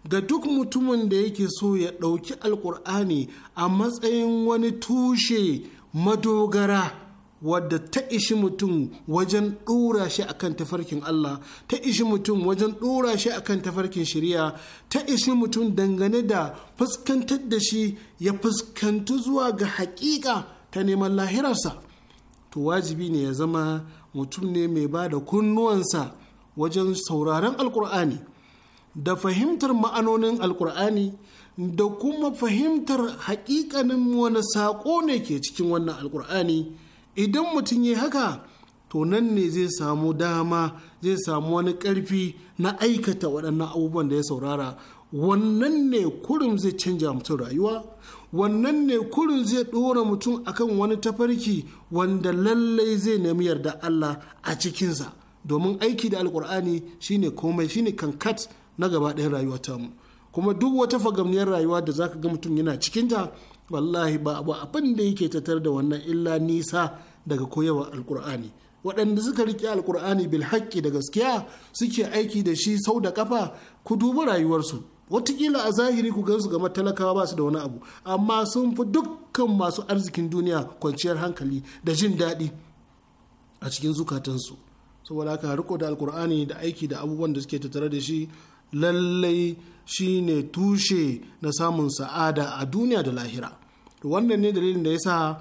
ga duk mutumin da yake so ya ɗauki alkur'ani a matsayin wani tushe madogara wadda ta ishi mutum wajen ɗora shi akan tafarkin Allah ta ishi mutum wajen ɗora shi akan tafarkin shari'a ta ishi mutum dangane da fuskantar da shi ya fuskantu zuwa ga hakika ta neman lahirarsa to wajibi ne ya zama mutum ne mai ba da kunnuwansa wajen sauraron alkur'ani da fahimtar ma'anonin alkur'ani da kuma fahimtar hakikanin wani saƙo ne ke cikin wannan alkur'ani idan mutum ya haka to nan ne zai samu dama zai samu wani ƙarfi na aikata waɗannan abubuwan da ya saurara wannan ne kurum zai canja mutum rayuwa wannan ne kurum zai ɗora mutum akan wani tafarki wanda lallai zai nemi yarda Allah a cikinsa domin aiki da alkur'ani shine komai shine kankat na gaba ɗayan rayuwa tamu kuma duk wata fagamniyar rayuwa da zaka ga mutum yana cikinta wallahi ba abu abin da yake tatar da wannan illa nisa daga koyarwar alkur'ani waɗanda suka riƙe alkur'ani bil haƙƙi da gaskiya suke aiki da shi sau da kafa ku dubi rayuwarsu watakila a zahiri ku gansu ga talakawa ba su da wani abu amma sun fi dukkan masu arzikin duniya kwanciyar hankali da jin daɗi a cikin zukatansu saboda haka riko da alkur'ani da aiki da abubuwan da suke tattare da shi lallai shine tushe na samun sa'ada a duniya da lahira to wannan ne dalilin da ya sa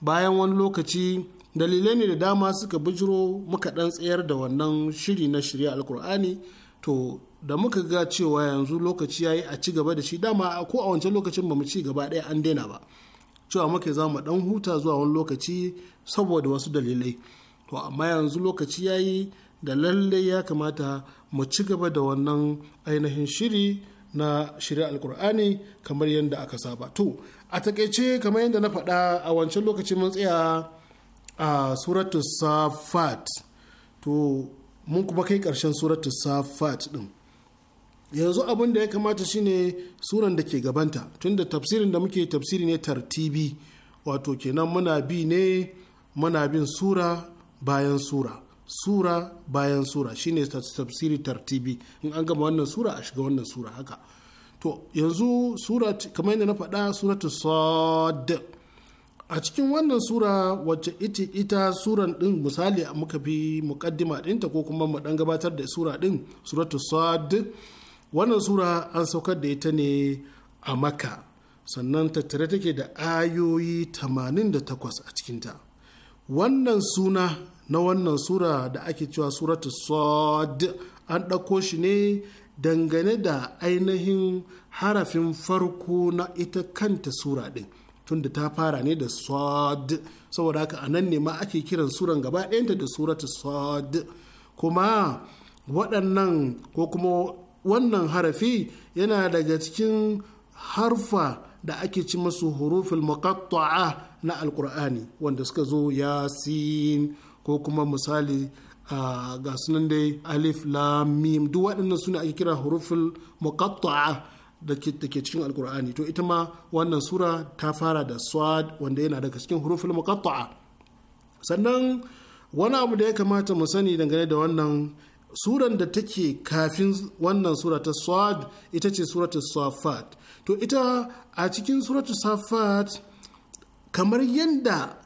bayan wani lokaci dalilai ne da dama suka bijiro muka dan tsayar da wannan shiri na shirya alkur'ani to da muka ga cewa yanzu lokaci ya yi a ci gaba da shi dama ko a wancan lokacin ba mu ci gaba ɗaya an daina ba cewa muka za mu dan huta zuwa wani lokaci saboda wasu dalilai to amma yanzu lokaci ya yi da lallai ya kamata mu ci gaba da wannan ainihin shiri na shirya alkur'ani kamar yadda aka saba to a takaice kamar yadda na faɗa a wancan lokacin mun tsaya a suratun safat to mun kuma kai ƙarshen suratun safat din yanzu abin da ya kamata shine suran da ke gabanta tunda tafsirin da muke tafsiri ne tartibi wato kenan muna bi ne muna bin sura bayan sura sura bayan sura shine tafsiri tartibi in an gama wannan sura a shiga wannan sura haka to yanzu surat kamar yadda na faɗa surat sad a cikin wannan sura wacce ita ita suran din misali muka fi mukaddima dinta ko kuma mu dan gabatar da sura din suratu sad wannan sura an saukar da ita ne a maka sannan tattare take da ayoyi 88 a cikinta wannan suna na wannan sura da ake cewa suratu sad an ɗauko shi ne dangane da ainihin harafin farko na ita kanta sura ɗin tunda ta fara ne da sad saboda haka a nan nema ake kiran suran gaba ɗayanta da suratu sad kuma waɗannan ko kuma wannan harafi yana daga cikin harfa da ake ci masu hurufin muqatta'a na alkur'ani wanda suka zo yasin ko kuma misali ga sunan dai alif lamim duk waɗannan suna ake kira huruful muqatta'a da ke cikin alkur'ani to ita ma wannan sura ta fara da swad wanda yana daga cikin huruful muqatta'a sannan wani abu da ya kamata mu sani dangane da wannan suran da take kafin wannan sura ta swad ita ce suratul safat to ita a cikin suratul safat kamar yadda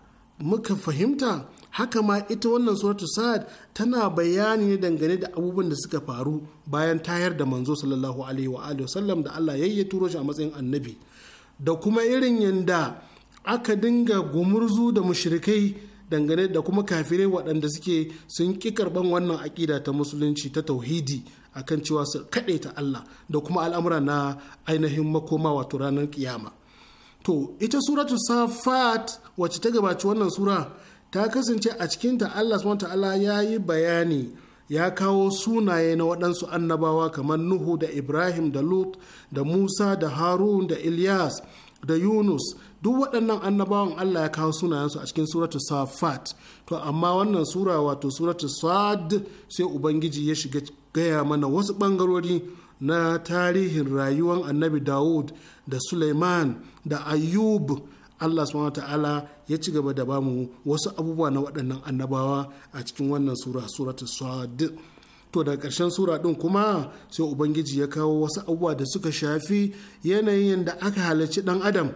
muka fahimta haka ma ita wannan suratu sa'ad tana bayani ne dangane da abubuwan da suka faru bayan tayar da manzo sallallahu alaihi wa alihi wasallam da Allah ya turo shi a matsayin annabi da kuma irin yanda aka dinga gumurzu da mushrikai dangane da kuma kafirai waɗanda suke sun ƙi karɓan wannan aƙida ta musulunci ta tauhidi akan cewa su kaɗe ta Allah da kuma al'amura na ainihin makoma wato ranar kiyama to ita suratu safat wacce ta gabaci wannan sura ta kasance a cikinta Allah subhanahu ta'ala ya yi bayani ya kawo sunaye na waɗansu annabawa kamar Nuhu da Ibrahim da Lut da Musa da Harun da Ilyas da Yunus duk waɗannan annabawan Allah ya kawo sunayensu a cikin suratu Safat to amma wannan sura wato suratu Sad sai Ubangiji ya shiga gaya mana wasu ɓangarori na tarihin rayuwar annabi Dawud da Suleiman da Ayub Allah subhanahu ya ci gaba da bamu wasu abubuwa na waɗannan annabawa a cikin wannan sura suratul sad to daga ƙarshen sura ɗin kuma sai ubangiji ya kawo wasu abubuwa da suka shafi yanayin yadda aka halarci ɗan adam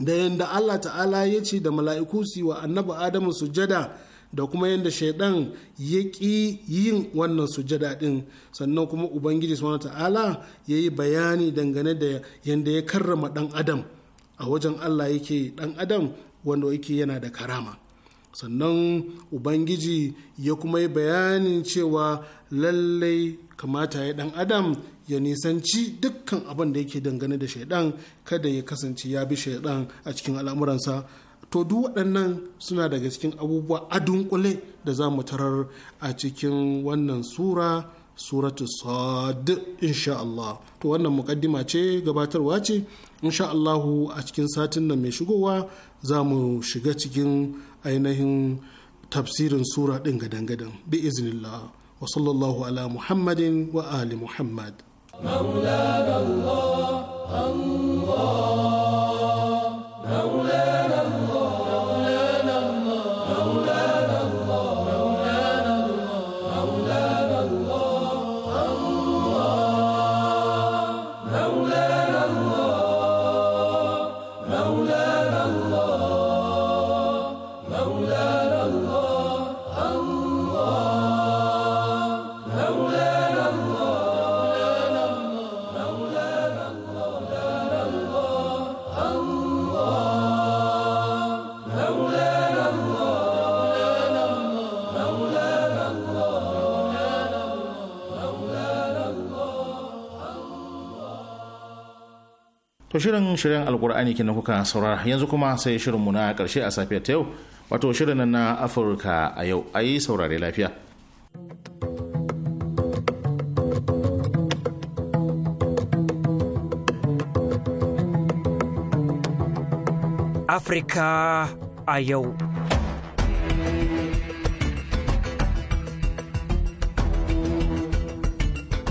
da yadda allah ta'ala ya ce da mala'iku su wa annabi adamu sujada da kuma yadda shaidan ya ƙi yin wannan sujada ɗin sannan kuma ubangiji subhanahu ta'ala ya yi bayani dangane da yadda ya karrama ɗan adam a wajen allah yake ɗan adam wanda yake yana da karama sannan ubangiji ya kuma yi bayanin cewa lallai kamata ya dan adam ya nisanci dukkan abin da yake dangane da shaidan kada ya kasance ya bi shaidan a cikin al'amuransa to duk waɗannan suna daga cikin abubuwa a adunkule da za mu tarar a cikin wannan sura suratu sad insha Allah to wannan mukaddima ce gabatarwa ce insha Allahu a cikin satin nan mai shigowa za mu shiga cikin ainihin tafsirin sura ɗin gadan-gadan bi iznillah wa sallallahu ala muhammadin wa ali muhammad مولانا الله to shirin shirin alkur'ani na kuka saurara yanzu kuma sai shirinmu na karshe a safiyar ta yau wato shirin na afirka a yau a yi saurare lafiya Afirka a yau.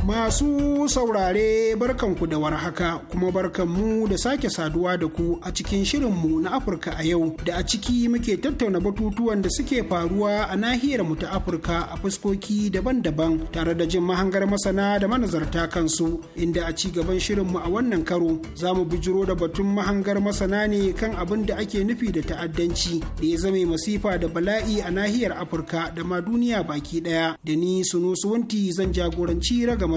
Masu saurare barkanku da warhaka kuma barkanmu da sake saduwa da ku a cikin shirinmu na Afirka a yau da a ciki muke tattauna batutuwan da suke faruwa a nahiyar mu ta Afirka a fuskoki daban-daban tare da jin mahangar masana da manazarta kansu inda a ci gaban shirinmu a wannan karo za mu bijiro da batun mahangar masana ne kan abin da ake nufi da ta'addanci da ya zame masifa da bala'i a nahiyar Afirka da ma duniya baki ɗaya da ni Sunusuwanti zan jagoranci ragama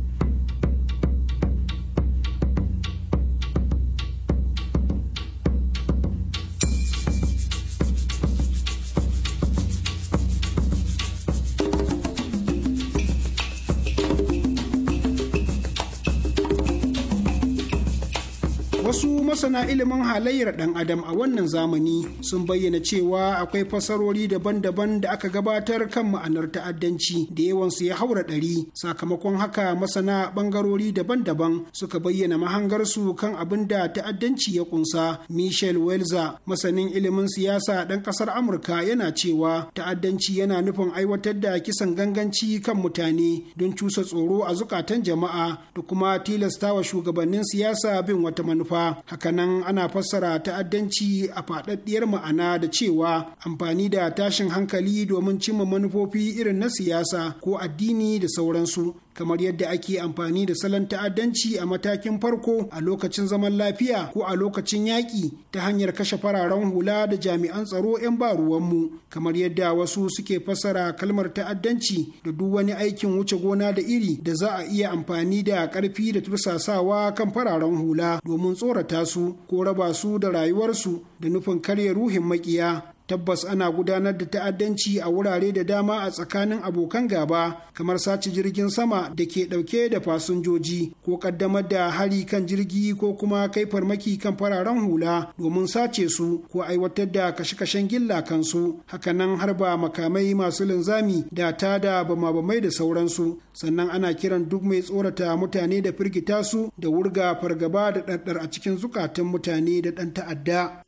masana ilimin halayyar ɗan adam a wannan zamani sun bayyana cewa akwai fasarori daban-daban da aka gabatar kan ma'anar ta'addanci da yawansu ya haura ɗari sakamakon haka masana ɓangarori daban-daban suka bayyana mahangarsu kan abin da ta'addanci ya kunsa michel welza masanin ilimin siyasa ɗan ƙasar amurka yana cewa ta'addanci yana nufin aiwatar da kisan ganganci kan mutane don cusa tsoro a zukatan jama'a da kuma tilastawa shugabannin siyasa bin wata manufa haka hakanan ana fassara ta'addanci a faɗaɗɗiyar ma'ana da cewa amfani da tashin hankali domin cimma manufofi irin na siyasa ko addini da sauransu kamar yadda ake amfani da salon ta'addanci a matakin farko a lokacin zaman lafiya ko a lokacin yaƙi ta hanyar kashe fararen hula da jami'an tsaro 'yan ba ruwanmu kamar yadda wasu suke fasara kalmar ta'addanci da duk wani aikin wuce gona da iri da za a iya amfani da ƙarfi da tursasawa kan fararen hula domin tsorata su ko raba su da rayuwarsu da nufin karya ruhin maƙiya. tabbas ana gudanar da ta'addanci a wurare da dama a tsakanin abokan gaba kamar sace jirgin sama da ke ɗauke da fasinjoji ko ƙaddamar da hari kan jirgi ko kuma kai farmaki kan fararen hula domin sace su ko aiwatar da kashe-kashen gilla kansu hakanan harba makamai masu linzami da da bama-bamai da sauransu sannan ana kiran duk mai tsorata mutane da firgita su da wurga fargaba da ɗarɗar a cikin zukatan mutane da ɗan ta'adda.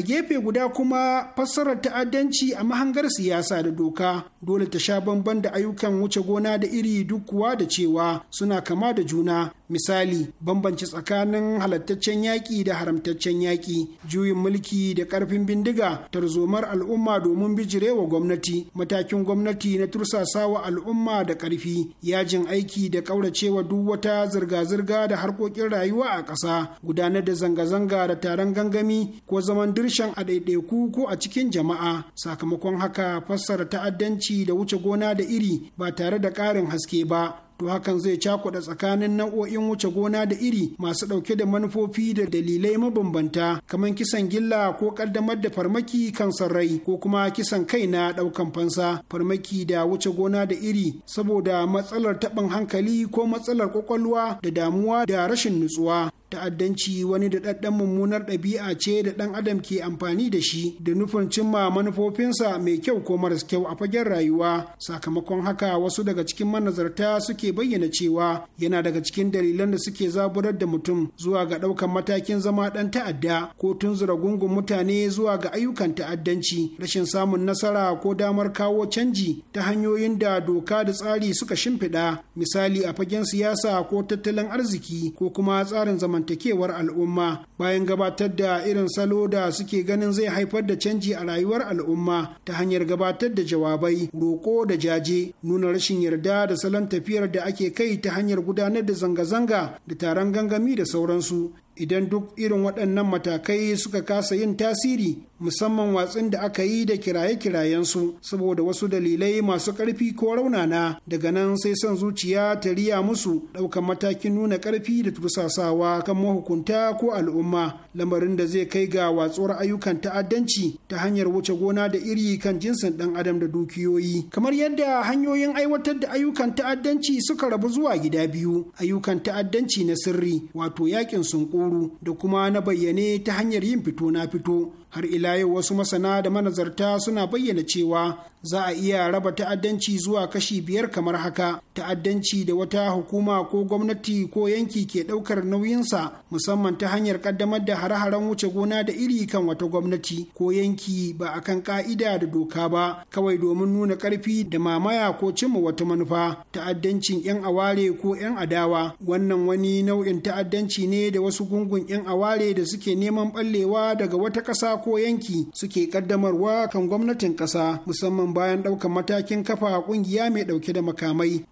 a gefe guda kuma fassarar ta'addanci a mahangar siyasa da doka dole ta sha bamban da ayyukan wuce gona da iri duk kuwa da cewa suna kama da juna misali bambanci tsakanin halattaccen yaƙi da haramtaccen yaƙi juyin mulki da ƙarfin bindiga tarzomar al'umma domin bijirewa gwamnati matakin gwamnati na tursasawa al'umma da ƙarfi yajin aiki da ƙauracewa duk wata zirga-zirga da harkokin rayuwa a ƙasa gudanar da zanga-zanga da taron gangami ko zaman dirshan a ɗaiɗaiku ko a cikin jama'a sakamakon haka fassara ta'addanci da wuce gona da iri ba tare da ƙarin haske ba to hakan zai cakuɗa tsakanin nau'o'in wuce gona da iri masu ɗauke da manufofi da dalilai mabambanta kamar kisan gilla ko ƙaddamar da farmaki kan sarrai ko kuma kisan kai na ɗaukan fansa farmaki da wuce gona da iri saboda matsalar taɓin hankali ko matsalar ƙwaƙwalwa da damuwa da rashin nutsuwa ta'addanci wani da ɗaɗɗan mummunar ɗabi'a ce da ɗan adam ke amfani da shi da nufin cimma manufofinsa mai kyau ko maras kyau a fagen rayuwa sakamakon haka wasu daga cikin manazarta suke bayyana cewa yana daga cikin dalilan da suke zaburar da mutum zuwa ga ɗaukan matakin zama ɗan ta'adda ko tunzura gungun mutane zuwa ga ayyukan ta'addanci rashin samun nasara ko damar kawo canji ta hanyoyin da doka da tsari suka shimfiɗa misali a fagen siyasa ko tattalin arziki ko kuma tsarin zaman zamantakewar al'umma bayan gabatar da irin salo da suke ganin zai haifar da canji a rayuwar al'umma ta hanyar gabatar da jawabai roƙo da jaje nuna rashin yarda da salon tafiyar da ake kai ta hanyar gudanar da zanga-zanga da taron gangami da sauransu idan duk irin waɗannan matakai suka kasa yin tasiri musamman watsin da aka yi da kiraye-kirayensu saboda wasu dalilai masu ƙarfi ko raunana daga nan sai son zuciya ta riya musu ɗaukan matakin nuna ƙarfi da tursasawa kan mahukunta ko al'umma lamarin da zai kai ga watsuwar ayyukan ta'addanci ta hanyar wuce gona da iri kan jinsin ɗan adam da dukiyoyi kamar yadda hanyoyin aiwatar da ayyukan ta'addanci suka rabu zuwa gida biyu ayyukan ta'addanci na sirri wato yakin sunƙuru da kuma na bayyane ta hanyar yin fito na fito har ila yau wasu masana da manazarta suna bayyana cewa za a iya raba ta'addanci zuwa kashi biyar kamar haka ta'addanci da wata hukuma ko gwamnati ko yanki ke ɗaukar nauyinsa musamman ta hanyar ƙaddamar da hare-haren wuce gona da iri kan wata gwamnati ko yanki ba a kan ƙa'ida da doka ba kawai domin nuna ƙarfi da mamaya ko cimma wata manufa ta'addancin 'yan aware ko 'yan adawa wannan wani nau'in ta'addanci ne da wasu gungun 'yan aware da suke neman ɓallewa daga wata ƙasa ko yanki suke kaddamarwa kan gwamnatin ƙasa musamman bayan ɗaukar matakin kafa ƙungiya mai ɗauke da makamai.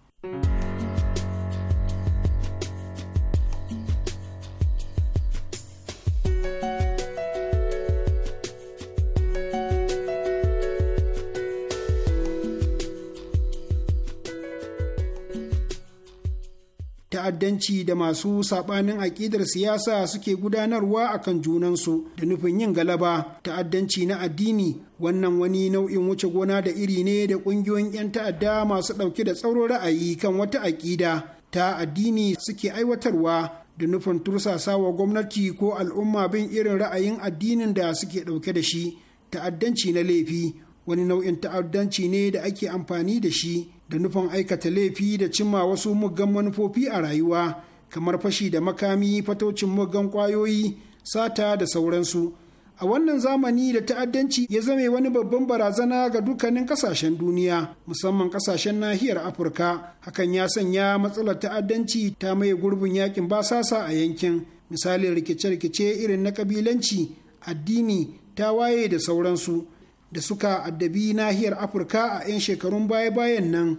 ta'addanci da masu saɓanin aƙidar siyasa suke gudanarwa a kan junansu da nufin yin galaba ta'addanci na addini wannan wani nau'in wuce gona da iri ne da ƙungiyoyin 'yan ta'adda masu ɗauke da tsaron ra'ayi kan wata aƙida ta addini suke aiwatarwa da nufin tursasawa gwamnati ko al'umma bin irin ra'ayin addinin da suke ɗauke da shi ta'addanci na laifi wani nau'in ta'addanci ne da ake amfani da shi da nufin aikata laifi da cimma wasu muggan manufofi a rayuwa kamar fashi da makami fatocin muggan kwayoyi sata da sauransu a wannan zamani da ta'addanci ya zame wani babban barazana ga dukkanin kasashen duniya musamman kasashen nahiyar afirka hakan ya sanya matsalar ta'addanci ta maye gurbin yakin basasa a yankin misalin rikice-rikice irin na kabilanci addini ta waye da sauransu da suka addabi nahiyar afirka a 'yan shekarun baya-bayan nan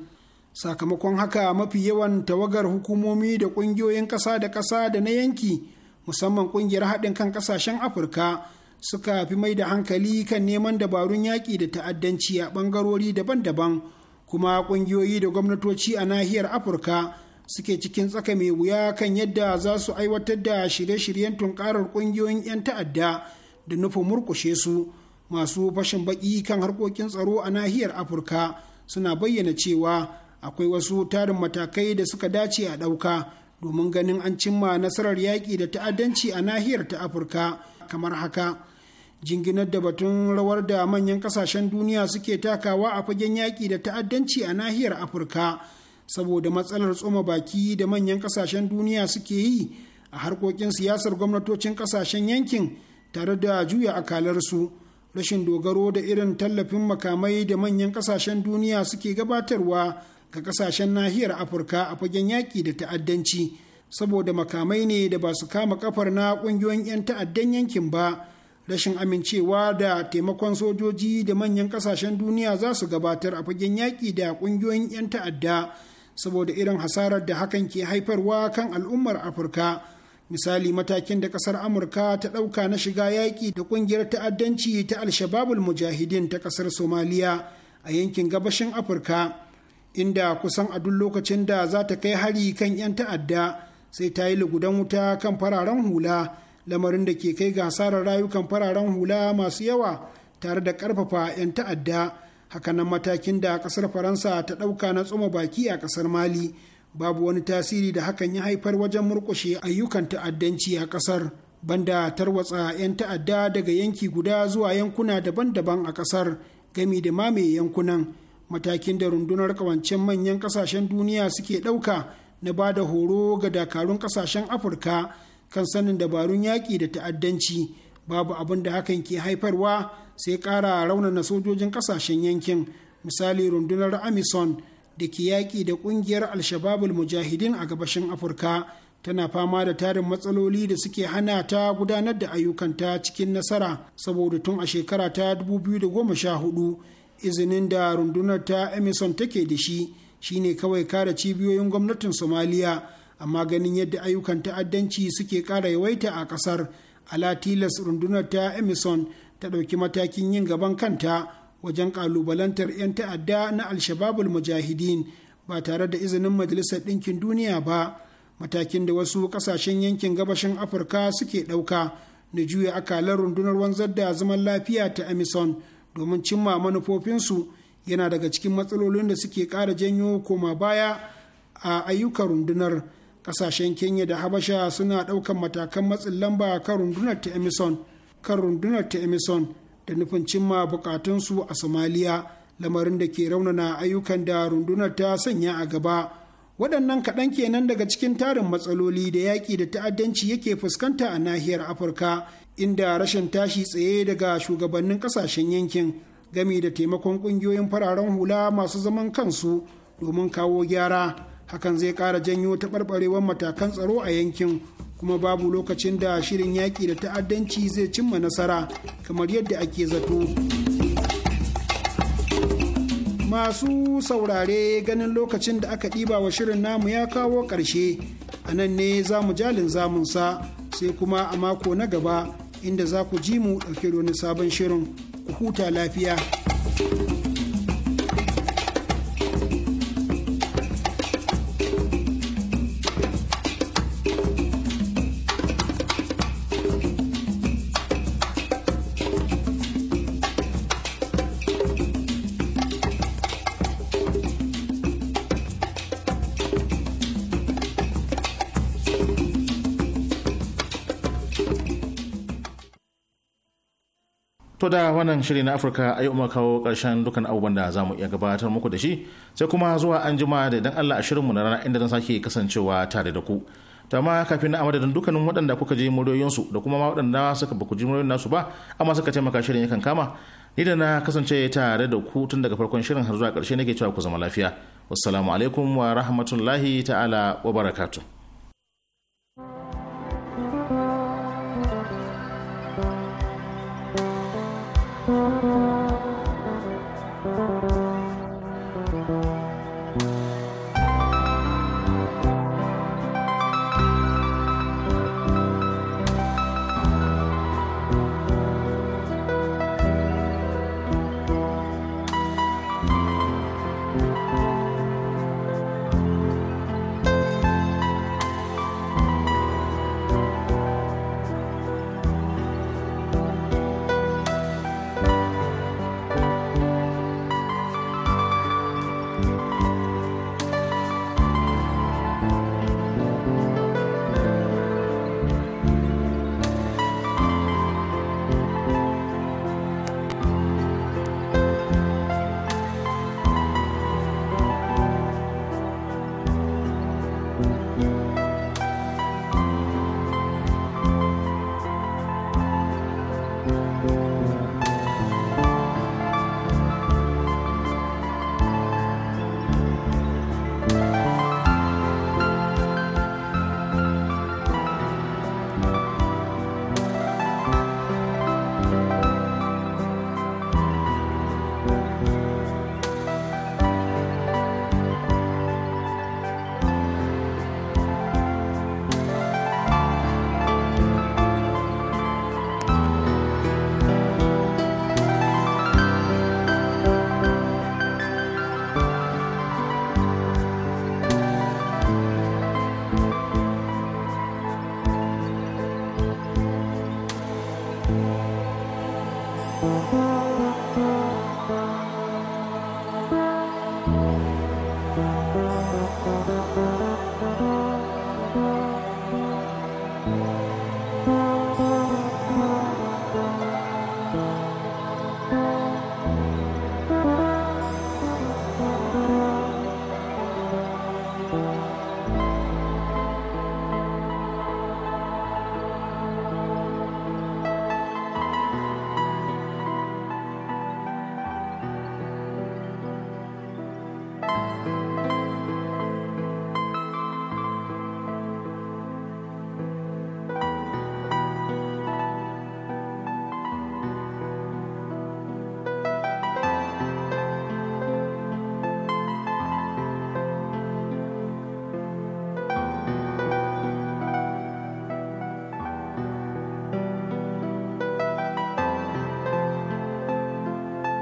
sakamakon haka mafi yawan tawagar hukumomi da ƙungiyoyin ƙasa da ƙasa da na yanki musamman ƙungiyar haɗin kan ƙasashen afirka suka fi mai da hankali kan neman dabarun yaƙi da ta'addanci a ɓangarori daban-daban kuma ƙungiyoyi da gwamnatoci a nahiyar afirka suke cikin tsaka mai wuya kan yadda za su aiwatar da shirye-shiryen tunkarar ƙungiyoyin 'yan ta'adda da nufin murƙushe su masu fashin baki kan harkokin tsaro a nahiyar afirka suna bayyana cewa akwai wasu tarin matakai da suka dace a ɗauka domin ganin an cimma nasarar yaƙi da ta'addanci a nahiyar ta afirka kamar haka jinginar da batun rawar da manyan ƙasashen duniya suke takawa a fagen yaƙi da ta'addanci a nahiyar afirka saboda matsalar tsoma baki da manyan ƙasashen duniya suke yi a harkokin siyasar gwamnatocin ƙasashen yankin tare da juya akalarsu rashin dogaro da irin tallafin makamai da manyan kasashen duniya suke gabatarwa ga kasashen nahiyar afirka a fagen yaƙi da ta'addanci saboda makamai ne da ba su kama kafar na ƙungiyoyin 'yan ta'addan yankin ba rashin amincewa da taimakon sojoji da manyan kasashen duniya za su gabatar a fagen yaƙi da ƙungiyoyin 'yan ta'adda saboda irin hasarar da hakan ke haifarwa kan al'ummar afirka misali matakin da kasar amurka ta ɗauka na shiga yaƙi da ƙungiyar ta'addanci ta alshababul mujahidin ta kasar somaliya a yankin gabashin afirka inda kusan a duk lokacin da za ta kai hari kan 'yan ta'adda sai ta yi lugudan wuta kan fararen hula lamarin da ke kai ga hasarar rayukan fararen hula masu yawa tare da ƙarfafa 'yan ta'adda hakanan matakin da kasar faransa ta ɗauka na tsuma baki a kasar mali babu wani tasiri da hakan ya haifar wajen murƙushe ayyukan ta'addanci a ƙasar banda tarwatsa 'yan ta'adda daga yanki guda zuwa yankuna daban-daban a ƙasar gami da mame yankunan matakin da rundunar ƙawancen manyan ƙasashen duniya suke ɗauka na ba da horo ga dakarun ƙasashen afirka kan sanin dabarun yaƙi da ta'addanci babu abin da hakan ke haifarwa sai ƙara raunana sojojin ƙasashen yankin misali rundunar amison da ke yaƙi da ƙungiyar alshababul mujahidin a gabashin afirka tana fama da tarin matsaloli da suke hana ta gudanar da ayyukanta cikin nasara saboda tun a shekara ta 2014 izinin da rundunar ta emerson take da shi shine kawai kare cibiyoyin gwamnatin somaliya amma ganin yadda ayyukan ta'addanci suke ƙara yawaita a ƙasar ala rundunar ta emerson ta ɗauki matakin yin gaban kanta wajen ƙalubalantar 'yan ta'adda na alshababul mujahidin ba tare da izinin majalisar ɗinkin duniya ba matakin da wasu ƙasashen yankin gabashin afirka suke ɗauka na juya akalar rundunar wanzar da zaman lafiya ta amison domin cimma manufofinsu yana daga cikin matsalolin da suke ƙara janyo koma baya a ayyukan rundunar ƙasashen kenya da habasha suna ɗaukan matakan matsin lamba kan rundunar ta amison kan rundunar ta amison da nufin cimma bukatunsu a somaliya lamarin da ke raunana ayyukan da rundunar ta sanya a gaba waɗannan kaɗan kenan daga cikin tarin matsaloli da yaƙi da ta'addanci yake fuskanta a nahiyar afirka inda rashin tashi tsaye daga shugabannin ƙasashen yankin gami da taimakon ƙungiyoyin fararen hula masu zaman kansu domin kawo gyara hakan zai ƙara janyo taɓarɓarewar matakan tsaro a yankin kuma babu lokacin da shirin yaƙi da ta'addanci zai cimma nasara kamar yadda ake zato. Masu saurare ganin lokacin da aka ɗiba wa shirin namu ya kawo ƙarshe, a nan ne za mu jalin zamunsa sai kuma a mako na gaba inda za ku ji mu ɗauke wani sabon shirin ku huta lafiya. To da wannan shiri na Afirka a yi kawo ƙarshen dukkan abubuwan da za mu iya gabatar muku da shi sai kuma zuwa an jima da idan Allah a shirinmu na rana inda zan sake kasancewa tare da ku. Ta ma kafin na amadadin dukkanin waɗanda kuka ji muryoyinsu da kuma ma waɗanda suka baku ji muryoyin nasu ba amma suka taimaka shirin yakan kama ni da na kasance tare da ku tun daga farkon shirin har zuwa ƙarshe nake cewa ku zama lafiya. Wasalamu alaikum wa rahmatullahi ta'ala wa barakatuh.